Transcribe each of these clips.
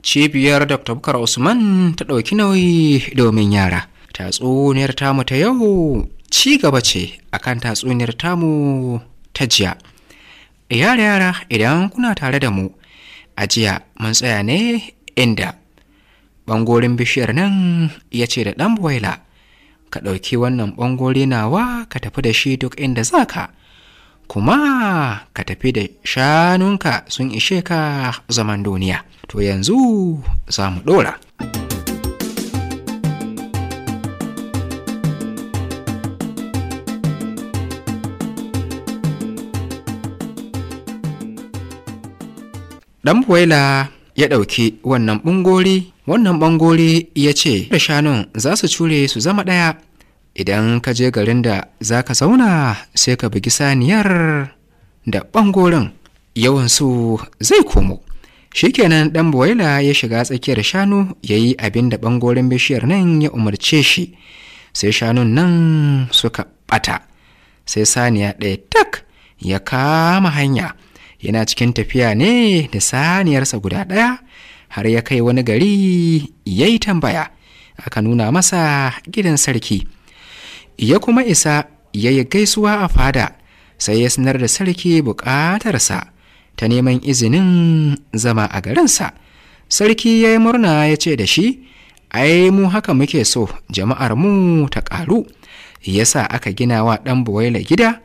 cibiyar dr bukar usman ta ɗauki nauyi domin yara tatsuniyar tamu ta yau ci gaba ce akan tatsuniyar tamu ta jiya yara yara idan kuna tare da mu a jiya mun tsaya ne inda bangorin bishiyar nan ya ce da ɗan buwaila ka ɗauki wannan ɓangore nawa ka tafi da shi duk inda za ka kuma ka tafi da shanunka sun ishe ka zaman duniya to yanzu za mu ɗora ɗan buwaila ya ɗauki wannan ɓungori wannan ɓangore ya ce da shanun za su cure su zama ɗaya idan ka je garin da za ka zauna sai ka bugi saniyar da ɓangoren su zai komo shikenan ɗan buwaila ya shiga tsakiyar shanu ya yi abin da ɓangoren bishiyar nan ya umarce shi sai shanun nan suka ɓata sai saniya ɗaya tak ya kama hanya yana cikin tafiya ne da saniyarsa guda ɗaya har ya kai wani gari ya yi tambaya aka nuna masa gidan sarki ya kuma isa ya yi gaisuwa a fada sai ya sanar da sarki bukatarsa ta neman izinin zama a garinsa sarki ya yi murna ya ce da shi ai mu haka muke so jama'ar mu ta ƙaru ya sa aka gina wa ɗan buwaila gida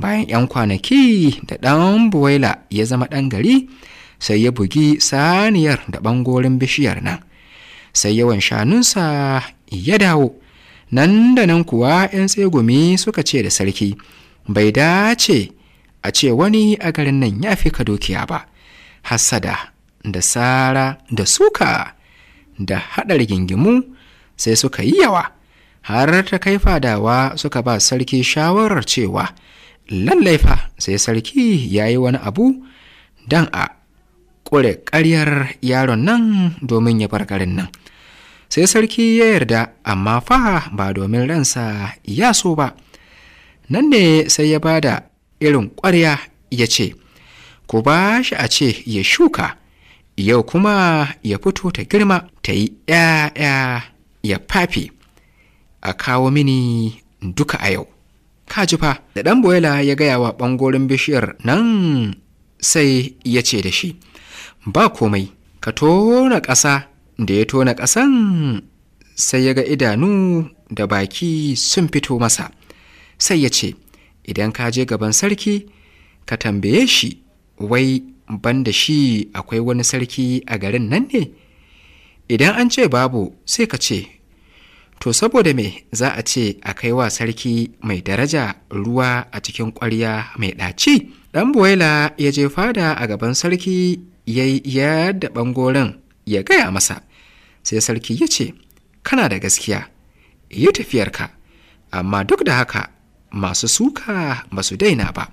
bayan 'yan kwanaki da ɗan buwaila ya zama ɗan gari sai ya bugi saniyar da ɓangorin bishiyar nan sai yawan shanunsa ya dawo nan da nan kuwa 'yan tsegumi suka ce da sarki bai dace a ce wani a garin nan ya fi ka dukiya ba hasada da tsara da suka da haɗar gingimu sai suka yi yawa har ta kai fadawa suka ba sarki shawarar cewa lallai fa sai sarki ya yi wani abu don a ƙure ƙaryar yaron nan domin ya bar garin nan sai sarki ya yarda amma fa ba domin ransa ya so ba nan ne sai ya ba da irin ƙwarya ya ce ku ba shi a ce ya shuka yau kuma ya fito ta girma ta yi ‘ya'ya ya fafe a kawo mini duka a yau kaji fa da ɗan boyela ya gaya wa ɓangoren bishiyar nan sai ya ce da shi ba komai ka tona ƙasa da ya tona ƙasan sai ya ga idanu da baki sun fito masa sai ya ce idan ka je gaban sarki ka tambaye shi wai ban da shi akwai wani sarki a garin nan ne idan an ce babu sai ka ce to saboda me za a ce a kai wa sarki mai daraja ruwa a cikin ƙwarya mai ɗaci ɗan boyla ya je fada a gaban sarki ya yi yadda ɓangoren ya gaya masa sai sarki ya ce kana da gaskiya yi tafiyarka amma duk da haka masu suka ba su daina ba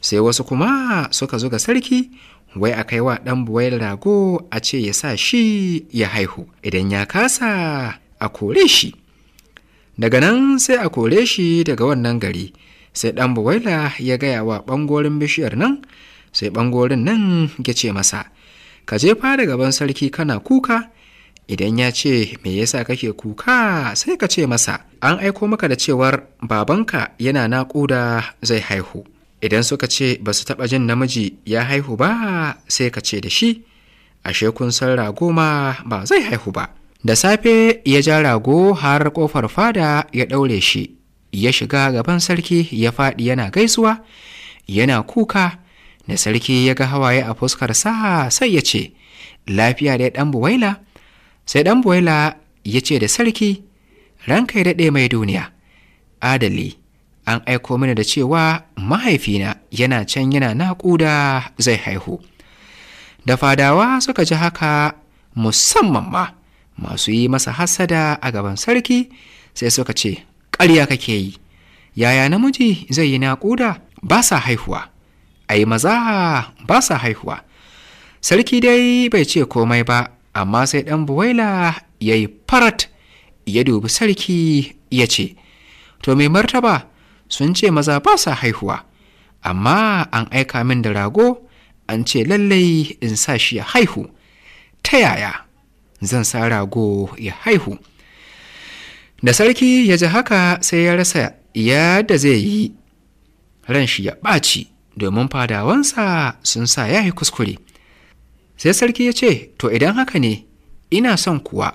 sai wasu kuma suka zo ga sarki wai a kai wa ɗan buwayar rago a ce ya sa shi ya haihu idan ya kasa a kore shi daga nan sai a kore shi daga wannan gari sai ɗan buwaila ya gaya wa ɓangoren bishiyar nan sai ɓangoren nan ya ce masa ka je fada gaban sarki kana kuka idan ya ce me yasa kake kuka sai ka ce masa an aiko maka da cewar babanka yana naƙuda zai haihu idan suka ce ba su taɓa jin namiji ya haihu ba sai ka ce da shi ashe kun san rago ma ba zai haihu ba da safe ya ja rago har ƙofar fada ya ɗaure shi ya shiga gaban sarki ya faɗi yana gaisuwa yana kuka da sarki ya ga hawaye a fuskar sa sai ya ce lafiya dai ɗan buwaila sai ɗan buwaila ya ce da sarki ranka ya daɗe mai duniya adali an aiko mini da cewa mahaifina yana can yana naƙuda zai haihu da fadawa suka ji haka musamman ma masu yi masa hasada a gaban sarki sai suka ce ƙarya kake yi yaya namiji zai yi naƙuda ba sa haihuwa Ai, maza ba sa haihuwa sarki dai bai ce komai ba amma sai ɗan buwaila ya yi farat ya dubi sarki ya ce to mai martaba sun ce maza ba sa haihuwa amma an aika min da rago an ce lallai in sa shi ya haihu ta yaya zan sa rago ya haihu da sarki ya ji haka sai ya rasa yadda zai yi ran shi ya ɓaci domin fadawansa sun sa ya yi kuskure sai sarki ya ce to idan haka ne ina son kuwa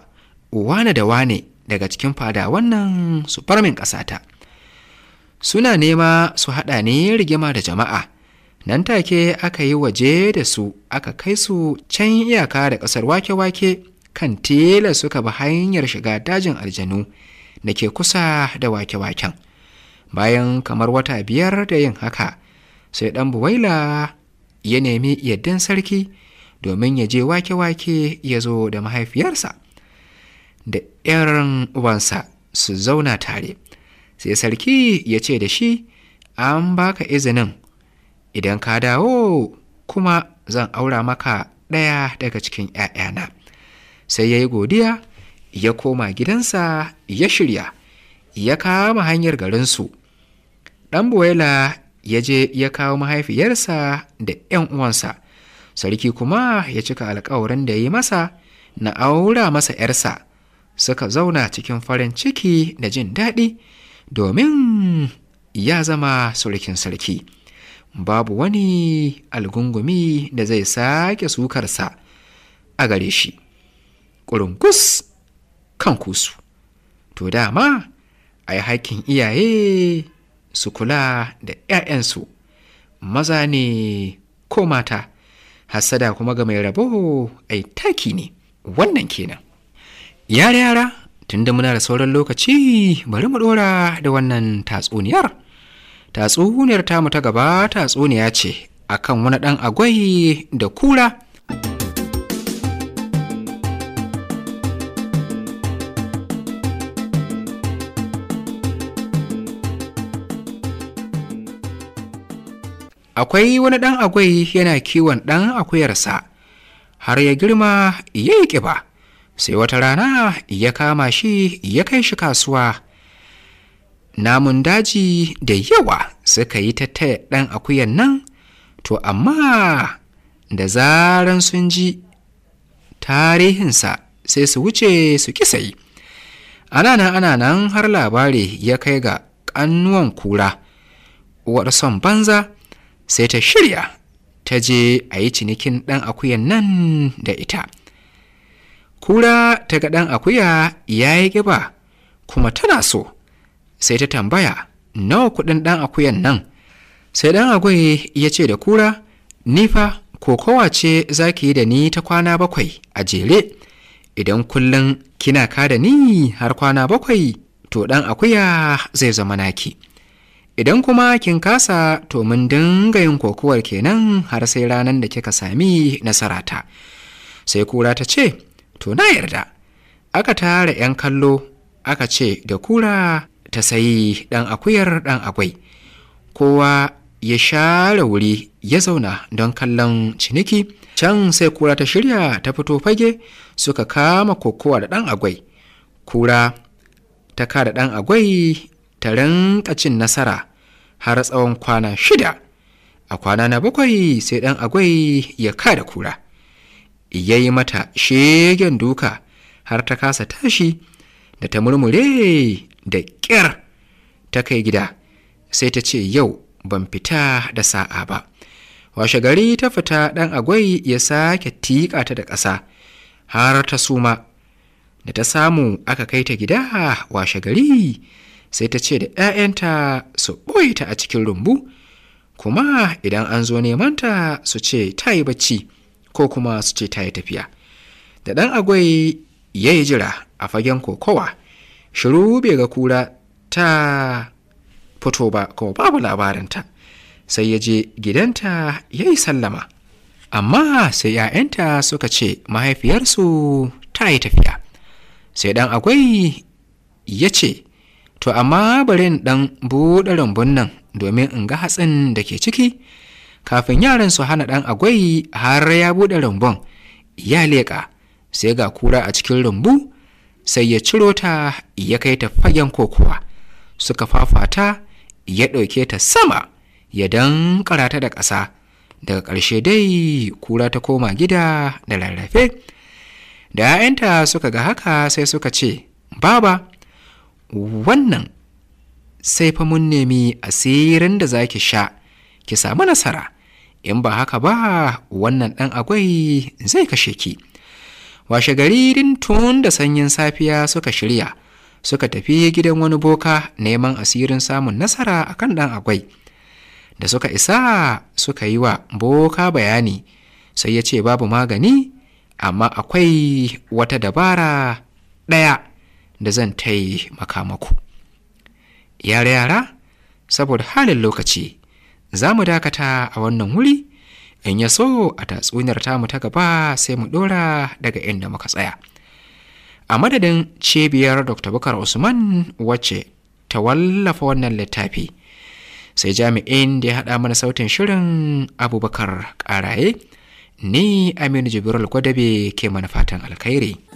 wane da wane daga cikin fadawan nan su farmin ƙasata suna nema su haɗa ne rigima da jama'a nan take aka yi waje da su aka kai su can iyaka da ƙasar wake-wake kan tela suka bi hanyar shiga dajin aljanu da ke kusa da wake-waken bayan kamar wata biyar da yin haka sai ɗan buwaila ya nemi yaddan sarki domin ya je wake-wake ya zo da mahaifiyarsa da ‘yan uwansa su zauna tare sai sarki ya ce da shi an baka izinin idan ka dawo kuma zan aura maka ɗaya daga cikin ‘ya'yana sai ya yi godiya ya koma gidansa ya shirya ya kama hanyar garinsu ɗan buwaila ya je ya kawo mahaifiyarsa da 'yan uwansa sarki kuma ya cika alkawarin da ya yi masa na aura masa 'yarsa suka zauna cikin farin ciki da jin daɗi domin ya zama surukin sarki babu wani algungumi da zai sake sukarsa a gare shi ƙurungus kan kusu to dama a yi haƙƙin iyaye su kula da 'ya'yansu maza ne ko mata hassada kuma ga mai rabo ai taki ne wannan kenan yara yara tunda muna da sauran lokaci bari mu dora da wannan tatsuniyar tatsuniyar tamu ta gaba tatsuniya ce akan wani ɗan agwai da kura akwai wani ɗan agwai yana kiwon ɗan akuyarsa har ya girma ya yi ƙiba sai wata rana ya kama shi ya kai shi kasuwa namun daji da yawa suka yi ta ɗan akuyan nan to amma da zaran sun ji tarihinsa sai su wuce su kisayi ana nan ana nan har labari ya kai ga ƙannuwan kura son banza sai ta shirya ta je a yi cinikin ɗan akuyan nan da ita kura ta ga ɗan akuya ya yi ƙiba kuma tana so sai ta tambaya nawa kuɗin ɗan akuyan nan sai ɗan agwai ya ce da kura nifa kokowa ce za ki yi da ni ta kwana bakwai a jere idan kullum kina ka da ni har kwana bakwai to ɗan akuya zai zama naki. idan kuma kin kasa to mun dinga yin kokowar kenan har sai ranar da kika sami nasara ta sai kura ta ce to na yarda aka tara 'yan kallo aka ce da kura ta sayi ɗan akuyar ɗan agwai. kowa ya share wuri ya zauna don kallon ciniki can sai kura ta shirya ta fito fage suka kama kokowa da ɗan agwai kura ta kada ɗan agwai ta rinka cin nasara har tsawon kwana shida a kwana na bakwai sai ɗan agwai ya kada kura ya yi mata shegen duka har ta kasa tashi da ta murmure da ƙyar ta kai gida sai ta ce yau ban fita da sa'a ba washe gari ta fita ɗan agwai ya sake tiƙa ta da ƙasa har ta suma da ta samu aka kai ta gida washe gari sai ta ce da ‘ya'yanta su ɓoye ta a cikin rumbu kuma idan an zo nemanta su ce ta yi bacci ko kuma su ce ta yi tafiya da ɗan agwai ya yi jira a fagen kokowa shiru bai ga kura ta fito ba kuma babu labarinta sai ya je gidanta ya yi sallama amma sai ‘ya'yanta suka ce mahaifiyarsu ta yi tafiya sai ɗan agwai ya ce to amma bari in ɗan buɗe rumbun nan domin in ga hatsin da ke ciki kafin yaran su hana ɗan agwai har ya buɗe rumbun ya leƙa sai ga kura a cikin rumbu sai ya ciro ta ya kai ta fagen kokowa suka fafata ya ɗauke ta sama ya dankara ta da ƙasa daga ƙarshe dai kura ta koma gida da rarrafe da 'ya'yanta suka ga haka sai suka ce baba wannan sai fa mun nemi asirin da zaki sha ki samu nasara in ba haka ba wannan ɗan agwai zai kashe ki washe gari tun da sanyin safiya suka shirya suka tafi gidan wani boka neman asirin samun nasara akan ɗan agwai da suka isa suka yi wa boka bayani sai ya ce babu magani amma akwai wata dabara ɗaya da zan ta yi makamaku yare yara saboda halin lokaci za mu dakata a wannan wuri in ya so a tatsuniyar tamu ta gaba sai mu dora daga inda muka tsaya a madadin cibiyar dr bukar usman wacce ta wallafa wannan littafi sai jami'in da ya haɗa mana sautin shirin abubakar ƙaraye ni aminu jibril gwadabe ke mana fatan alkhairi